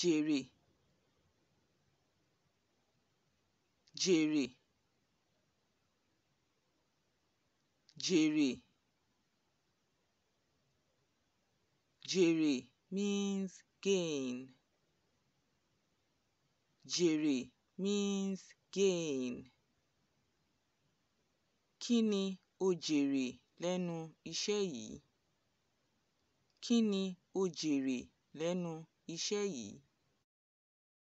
jèrè jèrè jèrè jèrè means gain jèrè means gain kí o jèrè lẹ́nu iṣẹ́ yìí kí o jèrè lẹ́nu 一些以。